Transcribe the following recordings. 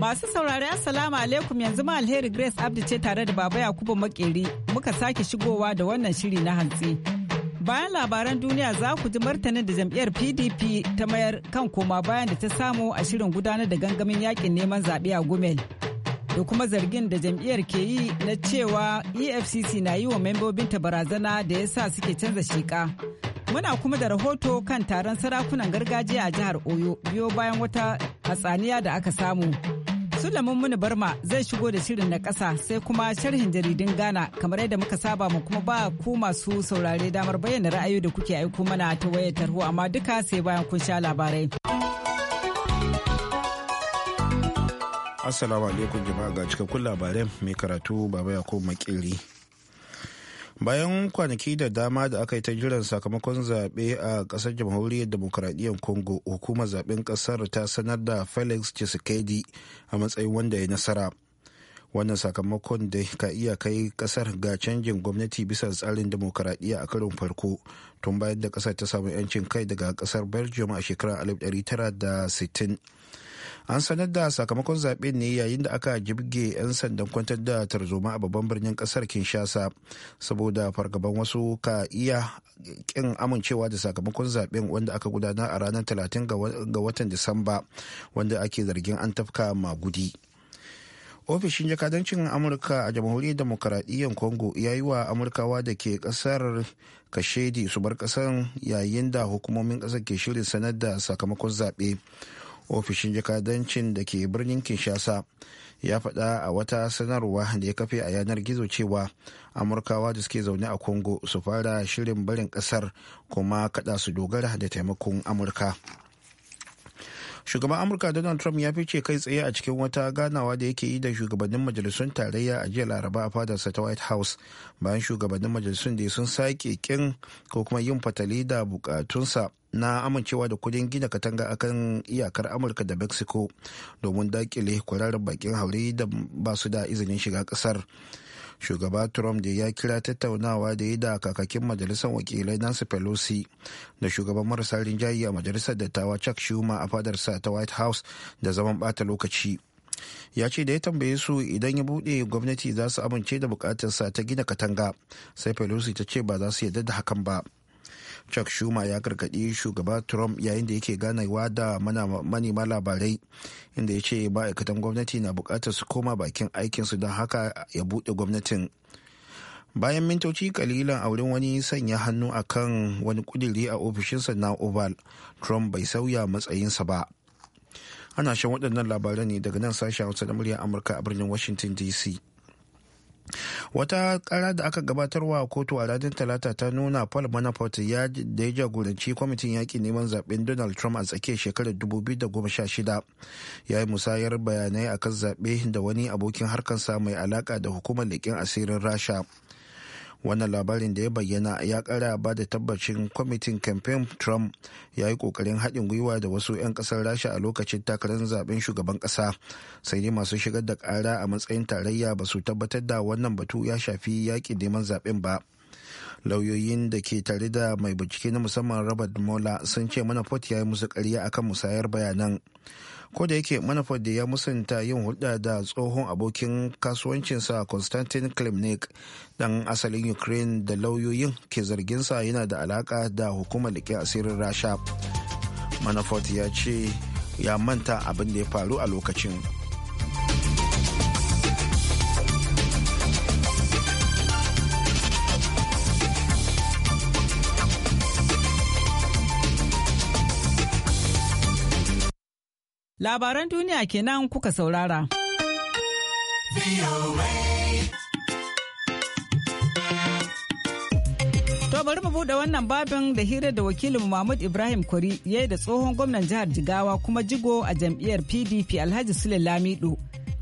Masu saurari Assalamu alaikum yanzu ma alheri Grace Abdi ce tare da Baba Yakubu Makeri muka sake shigowa da wannan shiri na hantsi. Bayan labaran duniya za ku ji martanin da jam'iyyar PDP ta mayar kan koma bayan da ta samu a shirin gudanar da gangamin yakin neman zaɓe a Gumel. Da kuma zargin da jam'iyyar ke yi na cewa EFCC na yi wa membobinta barazana da ya sa suke canza sheƙa. Muna kuma da rahoto kan taron sarakunan gargajiya a jihar Oyo biyo bayan wata hatsaniya da aka samu. Sulaiman Muni Barma zai shigo da shirin na ƙasa sai kuma sharhin jaridun Ghana kamar yadda muka saba mu kuma ba ku masu saurare damar bayyana ra'ayi da kuke aiko mana ta wayar tarho amma duka sai bayan kun sha labarai. Assalamu alaikum jama'a ga cikakkun labarai mai karatu Baba Yakubu makiri bayan kwanaki da dama da aka yi ta jiran sakamakon zaɓe a ƙasar jamhuriyar demokuraɗiyyar congo hukumar zaɓen ƙasar ta sanar da felix tshisekedi a matsayin wanda ya nasara wannan sakamakon da ka iya kai ƙasar ga canjin gwamnati bisa tsarin demokuraɗiyya a karin farko tun bayan da ƙasar ta samu 'yancin kai daga ƙasar belgium a shekarar 1960 an sanar da sakamakon zaɓe ne yayin da aka jibge 'yan sandan kwantar da tarzoma a babban birnin kasar kinshasa saboda fargaban wasu ka iya kin amincewa da sakamakon zaɓen wanda aka gudana a ranar 30 ga watan disamba wanda ake zargin an tafka magudi ofishin jakadancin amurka a jamhuriyar demokaradiyyar congo ya yi wa amurkawa da ke kasar kashedi su bar kasar yayin da hukumomin kasar ke shirin sanar da sakamakon zaɓe ofishin jakadancin da ke birnin kinshasa ya faɗa a wata sanarwa da ya kafe a yanar gizo cewa amurkawa da suke zaune a congo su fara shirin barin ƙasar kuma kaɗa su dogara da taimakon amurka shugaban amurka donald trump ya fice kai tsaye a cikin wata ganawa da yake yi da shugabannin majalisun tarayya a jiya laraba a fadarsa ta white house bayan shugabannin majalisun da sun sake kin ko kuma yin fatali da bukatunsa na amincewa da kudin gina katanga akan iyakar amurka da mexico domin dakile kwararren bakin haure da ba su da izinin shiga kasar shugaba trump da ya kira tattaunawa da ya da kakakin majalisar wakilai nancy pelosi da shugaban marasa rinjaye a majalisar dattawa chuck schumer a fadarsa ta white house da zaman bata lokaci ya ce da ya tambaye su idan ya bude gwamnati za su amince da bukatarsa ta gina katanga sai pelosi ta ce ba za su yarda da hakan ba chuck schumer ya gargaɗi shugaba trump yayin da yake ganawa da manema labarai inda ya ce ma'aikatan gwamnati na bukatar su koma bakin aikinsu don haka ya buɗe gwamnatin bayan mintoci kalilan a wurin wani sanya hannu a kan wani kudiri a ofishinsa na oval trump bai sauya matsayinsa ba ana shan waɗannan labaran ne daga nan sashen hausa da murya amurka a birnin washington dc wata kara da aka gabatarwa a kotu a ranar talata ta nuna paul manafort ya da ya jagoranci kwamitin yaƙi neman zaɓen donald trump a tsakiyar shekarar 2016 ya yi musayar bayanai akan zaɓe da wani abokin harkarsa mai alaƙa da hukumar leƙen asirin rasha wannan labarin da ya bayyana ya kara ba da tabbacin kwamitin campaign trump ya yi kokarin haɗin gwiwa da wasu 'yan ƙasar rasha a lokacin takarar zaben shugaban ƙasa sai dai masu shigar da ƙara a matsayin tarayya ba su tabbatar da wannan batu ya shafi yaƙi neman zaben ba. lauyoyin da ke tare da mai bincike na musamman robert mola sun ce manafort ya yi musu karya akan musayar bayanan ko da yake manafort da ya musanta yin hulɗa da tsohon abokin kasuwancinsa constantin klimnik dan asalin ukraine da lauyoyin ke zarginsa yana da alaka da hukumar da ke asirin rasha manafort ya ce ya manta abin da ya faru a lokacin Labaran duniya kenan kuka saurara. To bari mu buɗe wannan babin da hira da wakilin Mahmud Ibrahim ya yayi da tsohon gwamnan jihar Jigawa kuma jigo a jam'iyyar PDP Alhaji Sule Lamido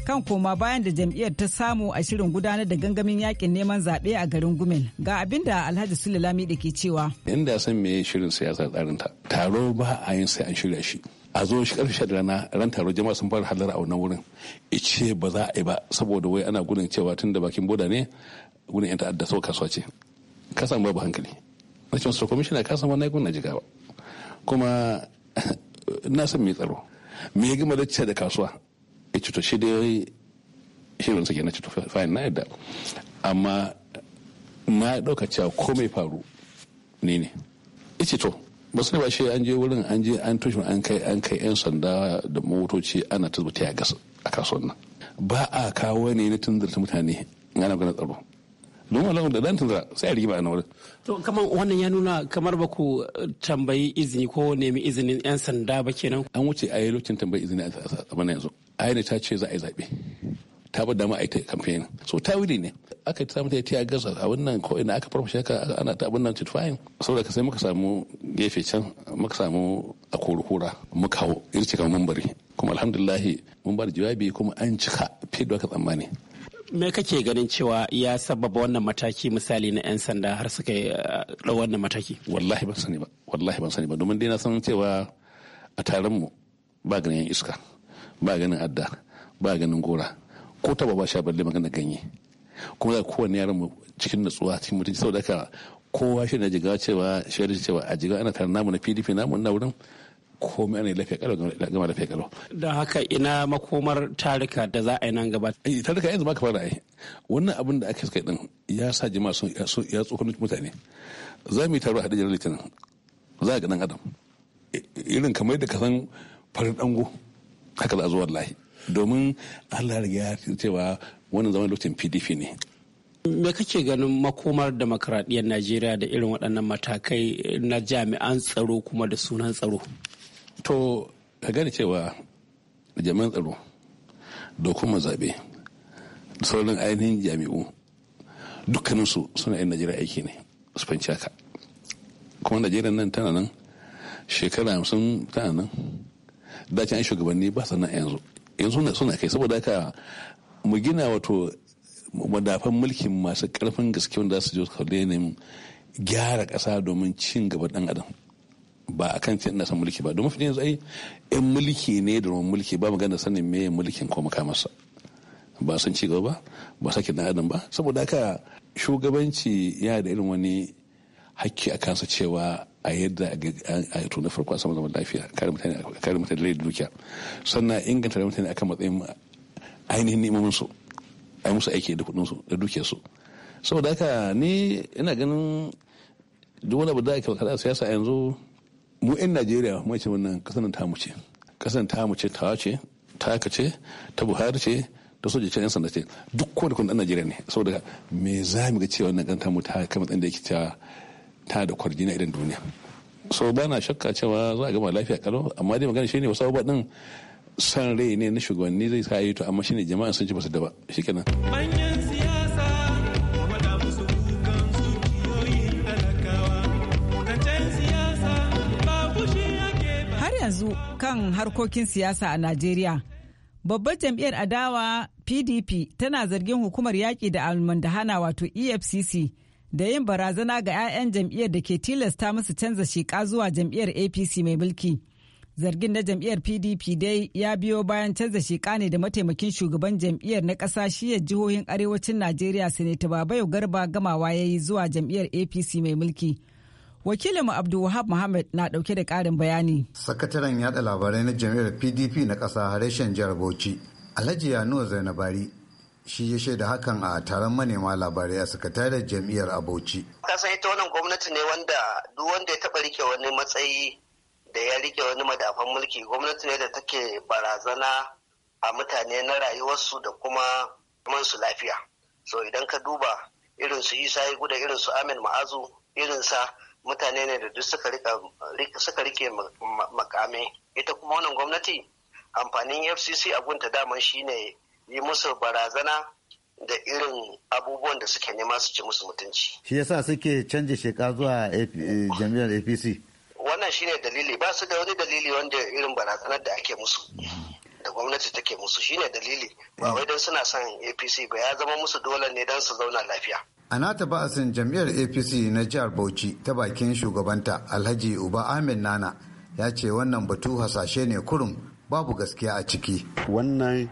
kan koma bayan da jam'iyyar ta samu a shirin gudanar da gangamin yakin neman zaɓe a garin Gumel. Ga abin da Alhaji Sule Lamido ke cewa. Inda san me shirin siyasa tsarinta. Taro ba a yin sai an shirya shi. a zo shi karfe shaɗa rana ran taro jama'a sun fara halar a wannan wurin ice ba za a yi ba saboda wai ana gudun cewa tun da bakin boda ne gudun yan ta'adda sau kasuwa ce ka samu babu hankali na ce kwamishina ka samu na na jigawa kuma na san mai tsaro me ya gama lacca da kasuwa ya cuto to shi dai shi da suke na cuto fayin na yadda amma na ɗauka cewa komai faru ne ne ya ce to ba ba shi an je wurin an je an tushe an kai an kai yan sanda da motoci ana ta a gas a kasuwan nan ba a kawo ne na tunzurta mutane ana gana tsaro don wani da dan tunzura sai a rigima a wurin. to kamar wannan ya nuna kamar ba ku tambayi izini ko nemi izinin yan sanda ba kenan. an wuce a yi lokacin tambayi izini a zamanin yanzu ayyana ta ce za a yi zaɓe ta bar dama a yi campaign so ta wuri ne aka ta mata ta gaza a wannan ko ina aka farfashe ka ana ta abin nan fine saboda ka sai muka samu gefe can muka samu a kurkura muka hau irci kan mumbari kuma alhamdulillahi mun ba jawabi kuma an cika fiye da aka tsammani me kake ganin cewa ya sababa wannan mataki misali na 'yan sanda har suka yi uh, wannan mataki wallahi ban sani ba wallahi ban sani ba domin dai na san cewa a taron mu ba ganin iska ba ganin adda ba ganin gora ko taba ba sha balle magana ganye kuma da kowane yaran mu cikin natsuwa cikin mutunci saboda haka kowa shi na jiga cewa shi cewa a jiga ana tare namu na PDP namu na wurin komai ana lafiya kalau gama lafiya kalau. Don haka ina makomar tarika da za a yi nan gaba. Eh, tarika yanzu ma ka fara yi. Wannan abin da aka yi din ya sa jima sun ya tsokanin mutane. Za mu yi taro a jirar litinin. Za a ga dan adam. Irin kamar yadda ka san farin dango haka za a zo wallahi. domin allah riga ya cewa wannan zaman lokacin pdp ne me kake ganin makomar demokradiyyar najeriya da irin waɗannan matakai na jami'an tsaro kuma da sunan tsaro to ka gane cewa jami'an tsaro da kuma zaɓe da sauran ainihin jami'u dukkaninsu suna yin najeriya aiki ne su fanci haka kuma najeriya nan tana nan shekara hamsin tana nan dace an shugabanni ba sa yanzu yanzu suna kai saboda haka mu gina wato madafan mulkin masu karfin gaske wanda su je su ne gyara kasa domin cin gaba ɗan adam ba a kan cin nasa mulki ba domin fitin zai yan mulki ne da ruwan mulki ba magana sanin me mulkin ko makamarsa ba san ci gaba ba ba sakin ɗan adam ba saboda haka shugabanci yana da irin wani hakki a kansa cewa a yadda a yi na farko a samu zaman lafiya kare mutane kare mutane da dukiya sannan inganta da mutane akan matsayin ainihin neman su a yi musu aiki da kudin su da dukiya su saboda haka ni ina ganin duk wani abu da aka kada siyasa yanzu mu 'yan najeriya mu ce wannan kasan ta mu ce kasan ta mu ce ta ce ta ka ce ta buhari ce da soja ce 'yan sanda ce duk kowane kun dan najeriya ne saboda me za mu ga cewa wannan kan ta mu ta kama matsayin da yake cewa ta da kwarjini idan duniya so ba na shakka cewa za a gama lafiya kalau amma dai magana shine wasu abubuwa din san rai ne na shugabanni zai sa yi to amma shine jama'a sun ci basu da ba shikenan har yanzu kan harkokin siyasa a Najeriya babbar jam'iyyar adawa PDP tana zargin hukumar yaƙi da almandahana wato EFCC da yin barazana ga 'ya'yan jam'iyyar da ke tilasta musu canza shiƙa zuwa jam'iyyar apc mai mulki zargin na jam'iyyar pdp dai ya biyo bayan canza shiƙa ne da mataimakin shugaban jam'iyyar na ƙasa shiya jihohin arewacin najeriya sanata babayo garba gamawa ya yi zuwa jam'iyyar apc mai mulki wakilinmu abdulwahab muhammad na ɗauke da ƙarin bayani sakataren yaɗa labarai na jam'iyyar pdp na ƙasa hareshen jihar bauchi alhaji yanuwa zainabari shi ya shaida hakan a taron manema labarai a da jam'iyyar a Bauchi. Kasan ita wannan gwamnati ne wanda duk wanda ya taɓa rike wani matsayi da ya rike wani madafan mulki gwamnati ne da take barazana a mutane na rayuwarsu da kuma su lafiya. So idan ka duba irin su Isa Igu da irin su Amin Ma'azu irin sa mutane ne da duk suka rike makame ita kuma wannan gwamnati amfanin FCC a gunta daman shine yi musu barazana da irin abubuwan da suke nema su ci musu mutunci. Shi yasa suke canza sheka zuwa eh, jami'ar APC. Wannan shine dalili ba su da wani dalili wanda irin barazanar da ake musu. Da gwamnati take musu shine dalili ba wai don suna son APC ba ya zama musu dole ne don su zauna lafiya. A nata ba'asin Jami'ar APC na jihar Bauchi ta bakin shugabanta Alhaji Uba Ahmed Nana ya ce wannan batu hasashe ne kurum babu gaskiya a ciki. Wannan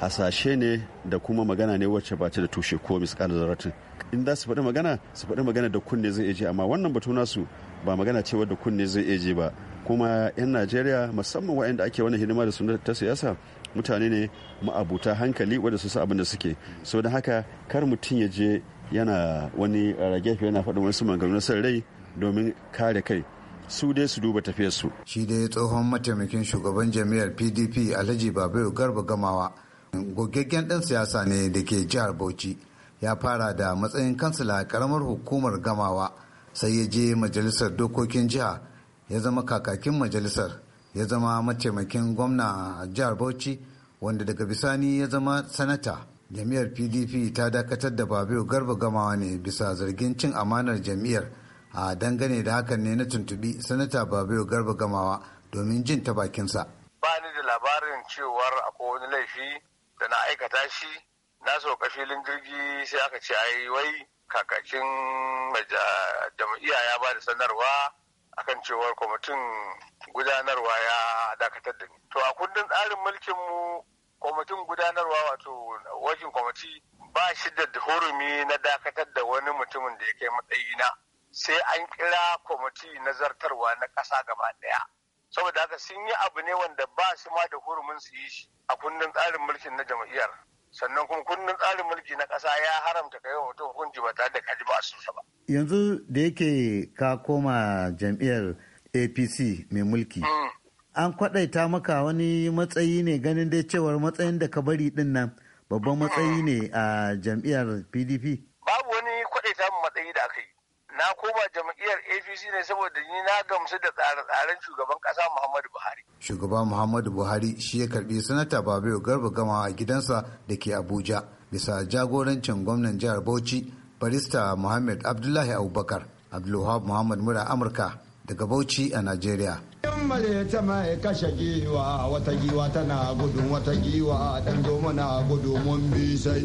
hasashe ne da kuma magana ne wacce ba ta da tushe ko misƙal zaratin in za su faɗi magana su faɗi magana da kunne zai je amma wannan batu nasu ba magana cewa da kunne zai je ba kuma 'yan najeriya musamman waɗanda ake wani hidima da su ta siyasa mutane ne ma'abuta hankali wadda su sa abin da suke so da haka kar mutum ya je yana wani rage yana faɗin wasu maganganu na san rai domin kare kai su dai su duba tafiyarsu. Shi dai tsohon mataimakin shugaban jami'ar PDP Alhaji Babayo Garba Gamawa gogaggen ɗan siyasa ne da ke jihar bauchi ya fara da matsayin kansila karamar hukumar gamawa sai ya je majalisar dokokin jiha ya zama kakakin majalisar ya zama mataimakin gwamna jihar bauchi wanda daga bisani ya zama sanata jam'iyyar pdp ta dakatar da babu garba gamawa ne bisa zargin cin amanar jam'iyyar a dangane da hakan ne na tuntubi sanata babu garba gamawa domin jin ta bakinsa ba ni da labarin cewar akwai wani laifi da na aikata shi na sauka filin jirgi sai aka ce ai wai kakakin jam'iyya ya ba da sanarwa akan cewar kwamitin gudanarwa ya dakatar da ni to a kundin tsarin mulkin mu kwamitin gudanarwa wato wajen kwamiti ba shi da hurumi na dakatar da wani mutumin da ya kai matsayi na sai an kira kwamiti na zartarwa na ƙasa gaba ɗaya saboda haka sun yi abu ne wanda ba su ma da hurumin su yi shi a kundin tsarin mulkin na jam'iyyar sannan kuma kundin tsarin mulki na ƙasa ya haramta ka yi mutum hukunci ba tare da kaji ba su ba. yanzu da yake ka koma jam'iyyar apc mai mulki mm. an kwaɗaita maka wani matsayi ne ganin dai cewar matsayin da ka bari din nan babban matsayi ne a jam'iyyar pdp babu wani kwaɗaita matsayi da aka yi na koma jam'iyyar apc ne saboda ni na gamsu da tsare-tsaren shugaban kasa muhammadu buhari Shugaban muhammadu buhari shi ya karbi sanata babayo garba gama a gidansa da ke abuja bisa jagorancin gwamnan jihar bauchi barista muhammad abdullahi abubakar abdulwahab muhammad mura amurka daga bauchi a Najeriya. Yammale ta mai kashe giwa wata giwa tana gudun wata giwa dan zomo na gudu mun sai.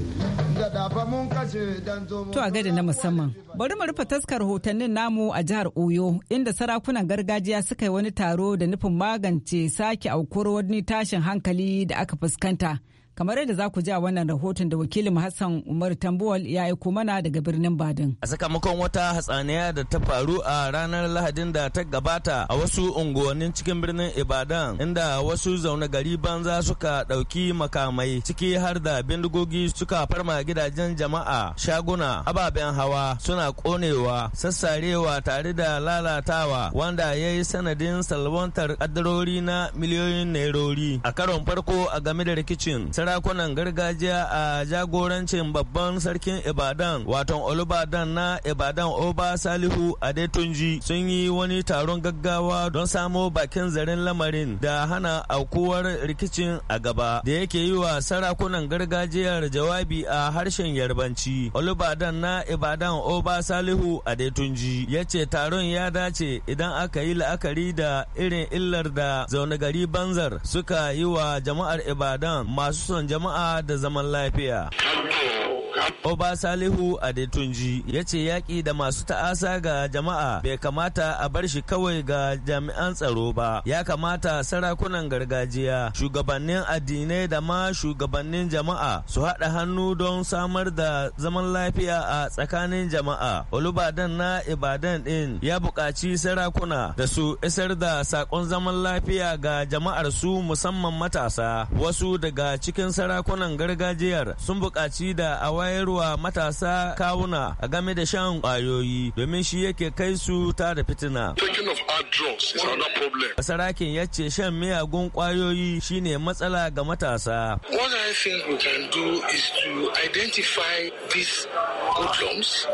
Da dafa mun kashe dan zomo. To a gada na musamman. Bari mu rufe taskar hotannin namu a jihar Oyo inda sarakunan gargajiya suka yi wani taro da nufin magance sake aukuwar wani tashin hankali da aka fuskanta. kamar yadda za ku ji a wannan rahoton da wakilin Hassan Umar Tambuwal ya aiko mana daga birnin Badin. A sakamakon wata hatsaniya da ta faru a ranar Lahadin da ta gabata a wasu unguwannin cikin birnin Ibadan inda wasu zaune gari banza suka ɗauki makamai ciki har da bindigogi suka farma gidajen jama'a shaguna ababen hawa suna ƙonewa sassarewa tare da lalatawa wanda ya yi sanadin salwantar ƙaddarori na miliyoyin nairori a karon farko a game da rikicin sarakunan gargajiya a jagorancin babban sarkin Ibadan wato Olubadan na Ibadan Oba Salihu Adetunji sun yi wani taron gaggawa don samo bakin zaren lamarin da hana aukuwar rikicin a gaba da yake yi wa sarakunan gargajiyar jawabi a harshen yarbanci. Olubadan na Ibadan Oba Salihu Adetunji ya ce taron ya dace idan aka yi la'akari da irin illar da zaune gari banzar suka yi wa jama'ar Ibadan masu son jama'a da zaman lafiya. Oba Salihu Adetunji ya ce yaƙi da masu ta'asa ga jama'a bai kamata a bar shi kawai ga jami'an tsaro ba. Ya kamata sarakunan gargajiya, shugabannin addinai da ma shugabannin jama'a su haɗa hannu don samar da zaman lafiya a tsakanin jama'a. Olubadan na Ibadan ɗin ya buƙaci sarakuna da su isar da saƙon zaman lafiya ga jama'ar su musamman matasa. Wasu daga cikin sarakunan gargajiyar sun buƙaci da a wayarwa matasa kawuna a game da shan kwayoyi domin shi yake kai su ta da fitina. Sarakin ya ce shan miyagun ƙwayoyi shine matsala ga matasa. What I think we can do is to identify these hoodlums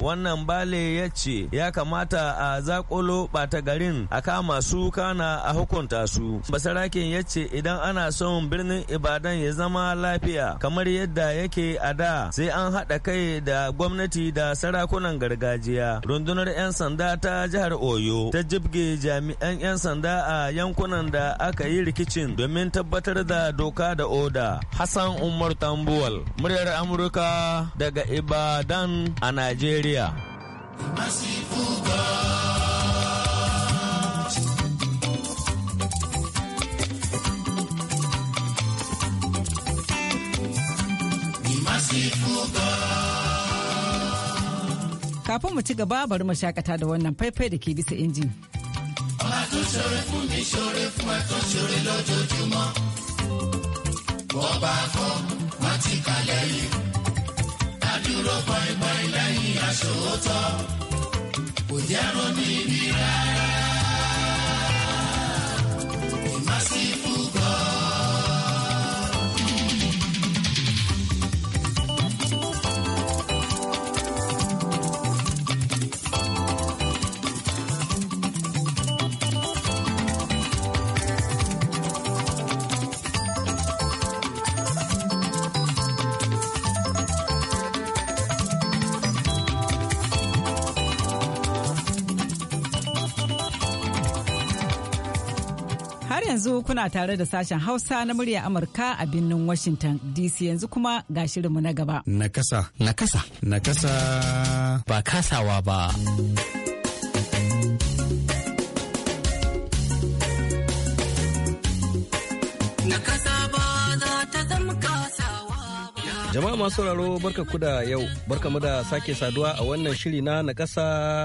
Wannan Bale ya ce ya kamata a zakulo bata garin a kama su kana a hukunta su. Basarakin ya ce idan ana son birnin Ibadan ya zama lafiya kamar yadda yake a da sai an haɗa kai da gwamnati da sarakunan gargajiya. Rundunar 'yan sanda ta jihar Oyo ta jibge jami'an 'yan sanda a yankunan da aka yi rikicin domin tabbatar da doka da oda. Hassan Umar Tambuwal, muryar Amurka daga Ibadan a Najeriya. Kafin mu ci gaba bari mu shakata da wannan faifai da ke bisa injin. Ọba tó fún mi fún ẹ tó wọ́n ti dúró bọ̀ìbọ̀ì lẹ́yìn àṣòótọ́ kò jẹ́ ronú ibi rárá. yanzu kuna tare da sashen Hausa na murya Amurka a birnin Washington DC yanzu kuma ga shirinmu na gaba. Nakasa. Nakasa. Nakasa. Ba kasawa ba. Jama'a masu sauraro barka kuda yau, barka mu da sake saduwa a wannan shiri na nakasa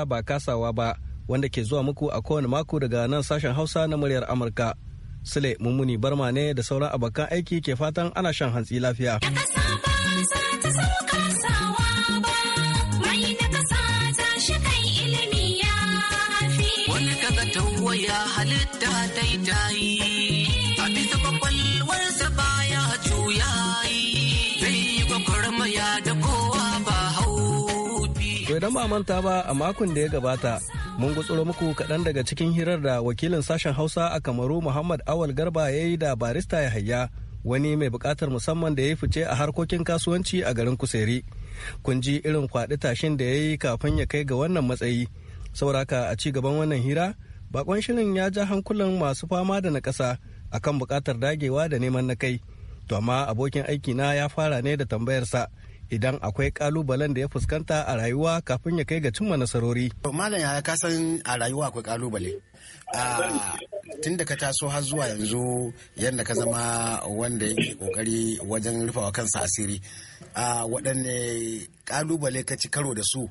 ba kasawa ba. wanda ke zuwa muku a kowane mako daga nan sashen hausa na muryar amurka Sule Mummuni Barma ne da sauran abokan aiki ke fatan ana shan hantsi lafiya. Wani kaga ta halitta ta yi ba manta ba a makon da ya gabata mun gutsuro muku kaɗan daga cikin hirar da wakilin sashen hausa a kamaru muhammad awal garba ya yi da barista ya hayya wani mai buƙatar musamman da ya fice a harkokin kasuwanci a garin kuseri kun ji irin kwaɗi tashin da ya yi kafin ya kai ga wannan matsayi sauraka a ci gaban wannan hira bakon shirin ya ja hankulan masu fama da na ƙasa akan buƙatar dagewa da neman na kai to amma abokin aiki na ya fara ne da tambayarsa idan akwai kalubalen da ya fuskanta a rayuwa kafin ya kai ga cimma nasarori. Malam ya ka san a rayuwa akwai kalubale. Tun da ka taso har zuwa yanzu yadda ka zama wanda yake kokari wajen rufawa kansa asiri. waɗanne kalubale ka ci karo da su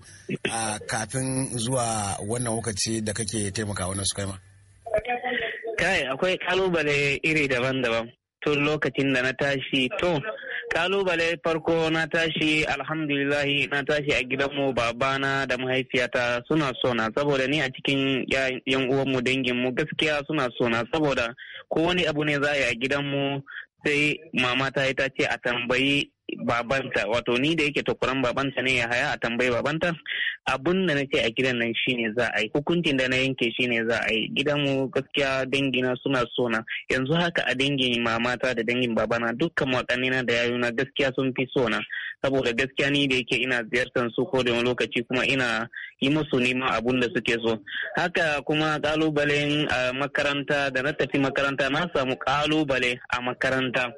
kafin zuwa wannan lokaci da kake taimaka wannan su kai ma. Kai akwai kalubale iri daban-daban tun lokacin da na tashi to kalubale farko na tashi alhamdulillahi na tashi a gidanmu babana da mahaifiyata suna sona saboda ni a cikin yan uwanmu danginmu gaskiya suna sona saboda ko wani abu ne za a yi a gidanmu sai mama ta yi ta ce a tambayi babanta wato ni da yake tukuran babanta ne ya haya a tambayi babanta abun da nake a gidan nan shine za a yi hukuncin da na yanke shine za a yi gidanmu gaskiya dangina suna sona yanzu haka a dangin mamata da dangin babana dukkan na da yayuna gaskiya sun fi sona saboda gaskiya ni da yake ina ziyartar su ko da lokaci kuma ina yi musu neman abun da suke so haka kuma kalubalen makaranta da na tafi makaranta na samu kalubale a makaranta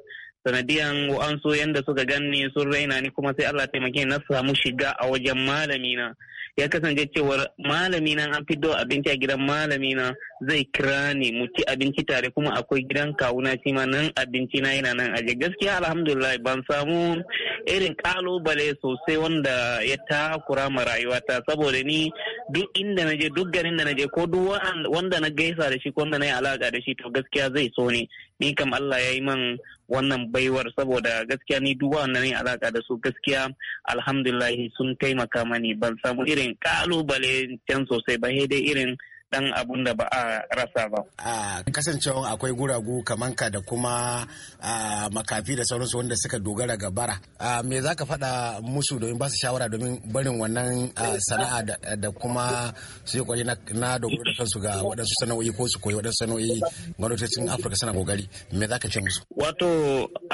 sanadiyan wa'ansu yadda suka ganni sun raina ni kuma sai Allah taimake na samu shiga a wajen malami ya kasance cewar malamina an an fito abinci a gidan malami na zai kira ni mu ci abinci tare kuma akwai gidan kawuna shi ma nan abinci na yana nan aje gaskiya alhamdulillah ban samu irin kalubale sosai wanda ya takura ma rayuwata saboda ni duk inda na je duk garin da na je ko duk wanda na gaisa da shi ko wanda na yi alaka da shi to gaskiya zai so ne ni kam Allah ya yi man wannan baiwar saboda gaskiya ni duk wannan ne alaka da su gaskiya alhamdulillah sun taimaka mani ban samu irin kalubale can sosai ba dai irin dan abun da ba a rasa ba. A kasancewa akwai guragu kaman ka da kuma makafi da sauransu wanda suka dogara ga bara. Me za ka faɗa musu domin ba su shawara domin barin wannan sana'a da kuma su yi kwari na dogaro da kansu ga waɗansu sana'o'i ko su koyi waɗansu sana'o'i gwamnatocin Afirka suna kokari. Me za ka ce musu? Wato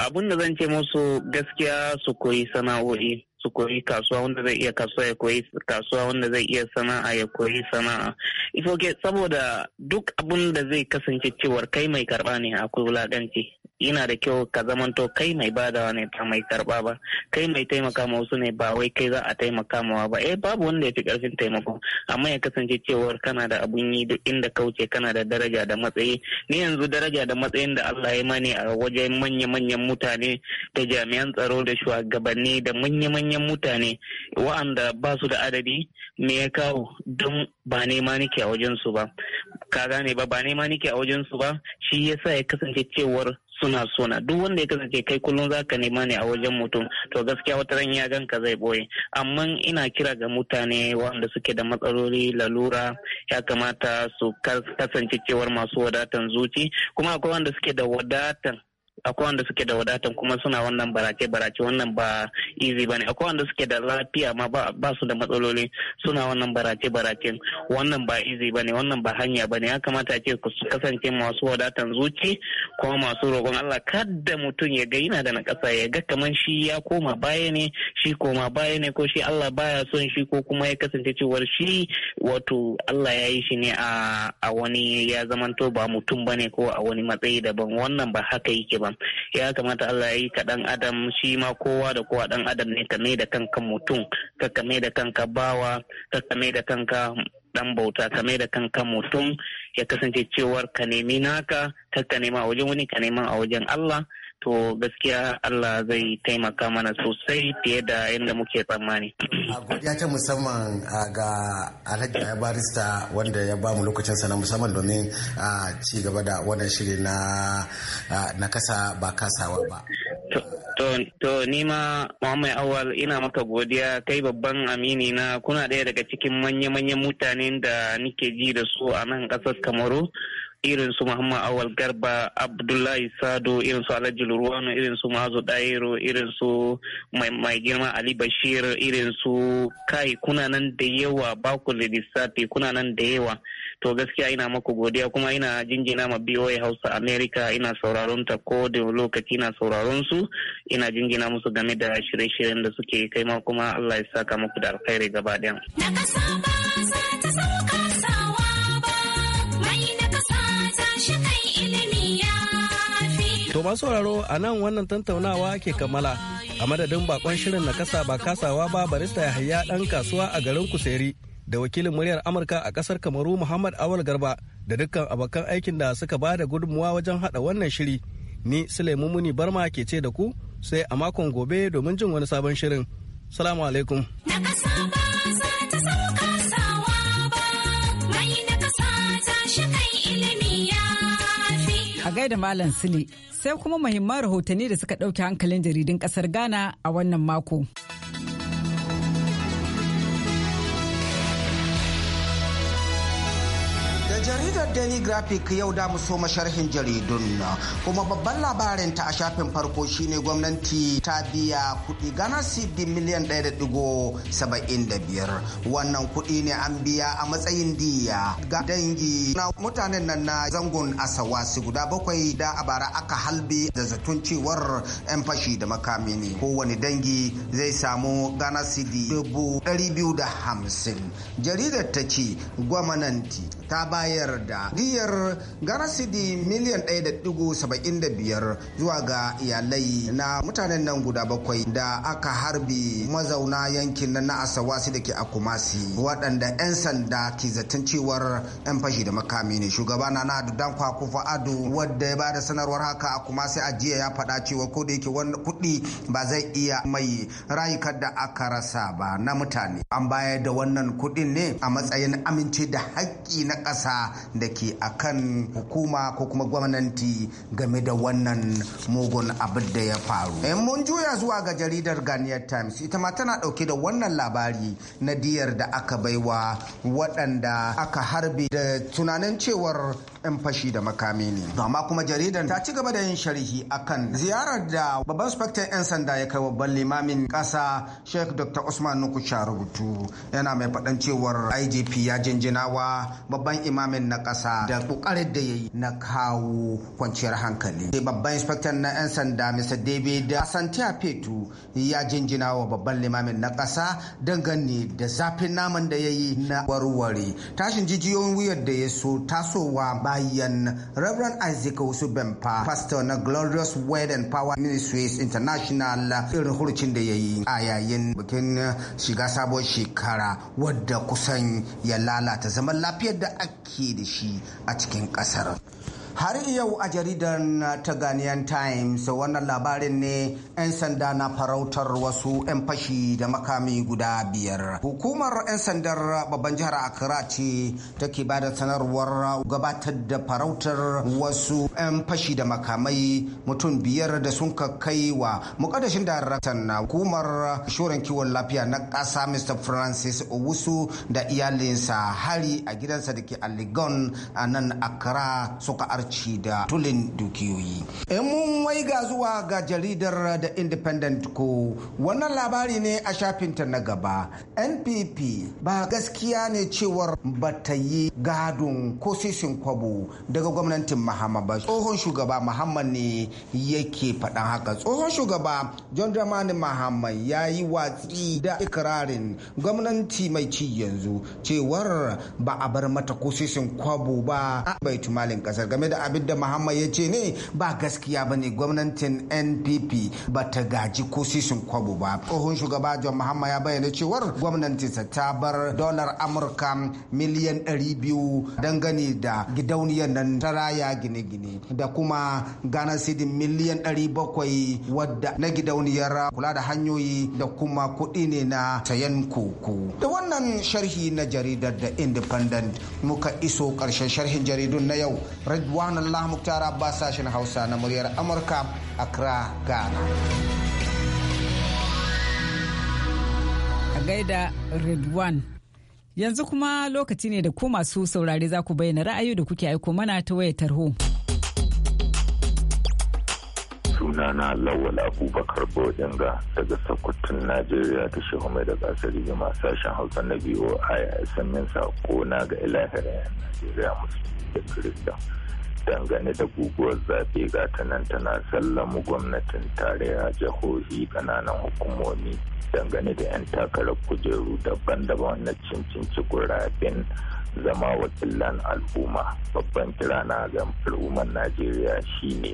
abun da zan ce musu gaskiya su koyi sana'o'i. su koyi kasuwa wanda zai iya kasuwa ya koyi kasuwa wanda zai iya sana'a ya koyi sana'a ifoke saboda duk abun da zai kasance cewar kai mai karɓa ne akwai wulakanci yana da kyau ka zamanto kai mai badawa ne ba mai karba ba kai mai taimaka ma wasu ne ba wai kai za a taimaka mawa ba eh babu wanda ya fi karfin taimako amma ya kasance cewar kana da abun yi duk inda kauce kana da daraja da matsayi ni yanzu daraja da matsayin da Allah ya mani a wajen manya-manyan mutane da jami'an tsaro da shugabanni da manya-manyan mutane wa'anda ba su da adadi me ya kawo don ba nema nake a wajen su ba ka gane ba ba nema nake a wajen su ba shi yasa ya kasance cewar suna sona duk wanda ya kasance kai kullum za ka nema ne a wajen mutum to gaskiya wata ran ya ka zai boye amma ina kira ga mutane wanda suke da matsaloli lalura ya kamata su kasance cewar masu wadatan zuci kuma akwai wanda suke da wadatan akwai wanda suke da wadatan kuma suna wannan barace barace wannan ba easy bane akwai wanda suke da lafiya ma ba su da matsaloli suna wannan barace barace wannan ba easy bane wannan ba hanya bane ya kamata ce ku kasance masu wadatan zuci kuma masu roƙon Allah kada mutum ya ga yana da na ƙasa ya ga kaman shi ya koma baya ne shi koma baya ne ko shi Allah baya son shi ko kuma ya kasance cewar shi wato Allah ya yi shi ne a wani ya zamanto ba mutum bane ko a wani matsayi daban wannan ba haka yake ba ya kamata Allah ya yi ka dan adam shi ma kowa da kowa dan adam ne ka mai da kanka mutum ka ka mai da kanka bawa ka ka mai da kanka dan bauta ka mai da kanka mutum ya kasance cewar ka nemi naka ka ka nema a wajen wani ka nema a wajen Allah to gaskiya Allah zai taimaka mana sosai fiye da yadda muke tsammani. A godiya ta musamman ga Alhaji Barista wanda ya bamu lokacin sa na musamman domin ci gaba da wannan shiri na na kasa ba kasawa ba. To, ni ma Muhammad Awal ina maka godiya kai babban amini na kuna ɗaya daga cikin manya-manyan mutanen da nike ji da su a nan ƙasar Kamaru. irin su Muhammad Awal Garba, Abdullahi Sado, irin su Alhaji Lurwano, irin su Mazu Dairo, irin su mai girma Ali Bashir, irin su kai kuna nan da yawa baku lissafi kuna nan da yawa. To gaskiya ina maku godiya kuma ina jinjina ma BOA Hausa Amerika, ina sauraron ta ko da lokaci ina sauraron su ina jinjina musu game da shirye-shiryen da suke kai ma kuma Allah ya saka muku da alkhairi gaba ɗaya. To masu sauraro a nan wannan tantaunawa ke kammala a madadin bakon shirin na kasa ba kasawa ba barista Yahaya dan kasuwa a garin kusairi da wakilin muryar Amurka a kasar Kamaru Muhammad Awal Garba da dukkan abokan aikin da suka ba da gudunmuwa wajen hada wannan shiri. Ni Sulaimu Muni Barma ke ce da ku sai a makon gobe domin jin wani sabon shirin. Salamu alaikum. gaida Malam Sule sai kuma muhimman rahotanni da suka ɗauki hankalin jaridun ƙasar Ghana a wannan mako. daily graphic yau da so sharhin jaridun kuma babban labarin ta a shafin farko shine gwamnati ta biya kudi gana cedi miliyan 1.75 wannan kudi ne an biya a matsayin diya ga dangi na mutanen nan na zangon su guda bakwai da a bara aka halbe da zaton cewar 'yan fashi da makami ne kowane dangi zai samu gana da 250 jaridar ta ce gwamnati ta bayar da diyar garasidi miliyan 1.75 zuwa ga iyalai na mutanen nan guda bakwai da aka harbi mazauna yankin nan na asawasi da ke akumasi waɗanda 'yan sanda ke zaton cewar 'yan fashi da makami ne shugaba na na dan kwakufa ado wadda ya bada sanarwar haka akumasi a jiya ya faɗa cewa ko da yake wani kuɗi ba zai iya mai rayukan da aka rasa ba na mutane an bayar da wannan kuɗin ne a matsayin amince da haƙƙi na ƙasa da ke a kan hukuma ko kuma gwamnati game da wannan mugun abin da ya faru. Eh, mun juya zuwa ga jaridar Ghanaian Times ita ma tana ɗauke da wannan labari na diyar da aka baiwa waɗanda aka harbe da tunanin cewar 'yan fashi da makami ne. Amma kuma jaridar ta ci gaba da yin sharhi akan ziyarar da babban spectator 'yan sanda ya kai babban limamin ƙasa Sheikh Dr. Usman Nuku rubutu yana mai faɗan cewar IGP ya jinjinawa babban imamin na kasa da kokarin da ya yi na kawo kwanciyar hankali. Babban inspector na 'yan sanda Mr. David Asantia Petu ya jinjinawa babban limamin na ƙasa dangane da zafin naman da ya yi na warware tashin jijiyoyin wuyar da ya so tasowa ba Lion, Reverend Isaac Usubempa, pastor na Glorious Word and Power Ministries International irin hurcin da ya yi a yayin bikin shiga sabon shekara wadda kusan ya lalata zaman lafiyar da ake da shi a cikin kasar. har yau a jaridar ta Ghanaian times wannan labarin ne 'yan sanda na farautar wasu 'yan fashi da makami guda biyar hukumar 'yan sandar babban jihar accra ce ta ke da sanarwar gabatar da farautar wasu 'yan fashi da makamai mutum biyar da sun kai wa mukaddashin daraktan hukumar shirin kiwon lafiya na ƙasa mr francis owusu da iyalinsa hari a gidansa da ke aligon a nan accra suka harci da tulin dukiyoyi in eh, mun waiga zuwa ga jaridar da independent ko wannan labari ne a shafinta na gaba npp ba gaskiya ne cewar bata yi gadon ko sisin kwabo daga gwamnatin mahama ba tsohon shugaba Mahama ne yake faɗan haka tsohon shugaba john dramani mahama ya yi watsi da ikirarin gwamnati mai ci yanzu cewar ba a bar mata ko sisin kwabo ba a tumalin kasar game da abin da muhammad ya ce ne ba gaskiya ba ne gwamnatin npp ba ta gaji ko sisin kwabo ba tsohon shugaba john muhammad ya bayyana cewar gwamnatinsa ta bar dolar amurka miliyan 200 dangane da gidauniyar nan ta raya gine-gine da kuma ghana city miliyan 700 wadda na gidauniyar kula da hanyoyi da kuma kuɗi ne na sayan koko da wannan sharhi na jaridar da independent muka iso karshen sharhin jaridun na yau Allah Muktar Abbas sashen Hausa na muryar Amurka Accra Ghana. A gaida Redwan Yanzu kuma lokaci ne da ku masu saurare za ku bayyana ra'ayi da kuke aiko mana ta wayar tarho. sunana lawal abubakar bodinga daga sokoton najeriya ta shehu mai da gasar jima sashen hausa na biyu a yasan min sako na ga ilahirin najeriya musu da kirista dangane da guguwar zafi ga ta nan tana sallama gwamnatin tarayya jihohi kananan hukumomi dangane da 'yan takarar kujeru daban-daban na cincinci gurabin zama wakilan al'umma babban kira na ga al'ummar najeriya shine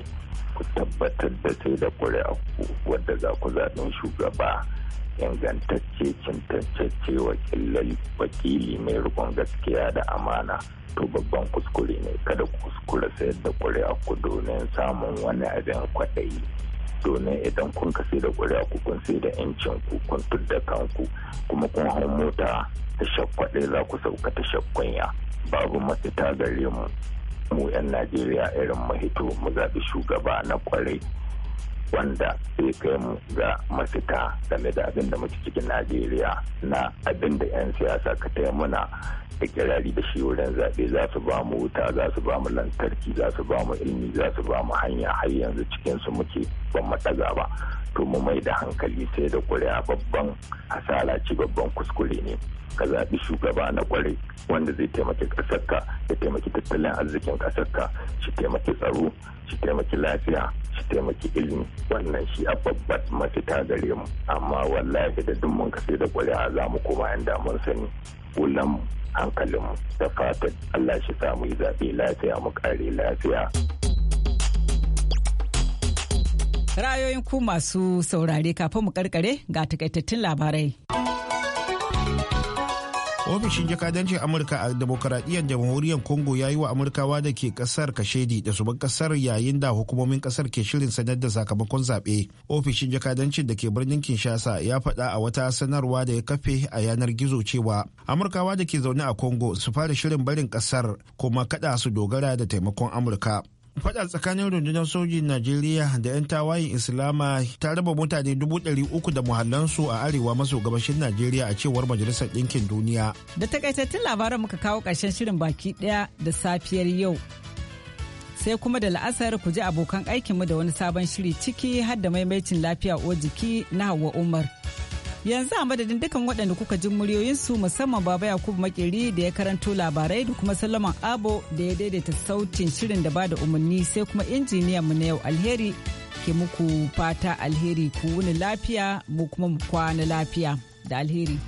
ku tabbatar da sai da ƙuri'a wadda za ku zaɓin shugaba ingantacce cintacce wakili mai rikon gaskiya da amana to babban kuskure ne kada ku kuskura sayar da ƙuri'a ku domin samun wani abin kwaɗayi domin idan kun ka sai da ƙuri'a ku kun sai da yancin ku kun tudda kanku kuma kun hau mota ta shakwaɗe za ku sauka ta shakwanya babu mafita gare mu mu 'yan najeriya irin mahito mu zaɓi shugaba na kwarai wanda zai kai mu ga mafita game da abin da muke cikin najeriya na abin da 'yan siyasa ka taya muna kirari da shi wurin zaɓe za su ba mu wuta za su ba mu lantarki za su ba mu ilimi za su ba mu hanya har yanzu cikinsu muke ban matsaga ba to mu mai da hankali sai da kuri'a babban hasara ci babban kuskure ne ka zaɓi shugaba na kwarai wanda zai taimaki ƙasarka ya taimaki tattalin arzikin ƙasarka shi taimaki tsaro shi taimaki lafiya su taimaki ilimi wannan shi a babbar mafita gare mu amma wallahi da duk mun kasai da ƙuri'a za mu koma yan damar sani kullum mu da fatan Allah shi samu yi zaɓe lafiya mu ƙare lafiya. Ra'ayoyin ku masu saurare kafin mu karkare ga takaitattun labarai. ofishin jakadancin amurka a demokaradiyyar jamhuriyar congo ya yi wa amurkawa da ke kasar kashedi da suban kasar yayin da hukumomin kasar ke shirin sanar da sakamakon zaɓe ofishin jakadancin da ke birnin kinshasa ya faɗa a wata sanarwa da ya kafe a yanar gizo cewa amurkawa da ke zaune a congo su fara shirin barin kasar kuma kada su dogara da taimakon amurka Fada tsakanin rundunar sojin Najeriya da 'yan tawayin Islama ta raba mutane dubu ɗari uku da muhallansu a arewa maso gabashin Najeriya a cewar Majalisar Ɗinkin Duniya. Da takaitattun labaran muka kawo ƙarshen shirin baki ɗaya da safiyar yau. Sai kuma da la'asar ku ji abokan aikinmu da wani sabon shiri ciki har da maimaicin lafiya o jiki na Hauwa Umar. yanzu a madadin dukkan waɗanda kuka ji su musamman baba yakubu makeri da ya karanto labarai da kuma salaman abo da ya daidaita sautin shirin da ba da umarni sai kuma injiniyan mu na yau alheri ke muku fata alheri ku wuni lafiya mu kuma mu kwana lafiya da alheri.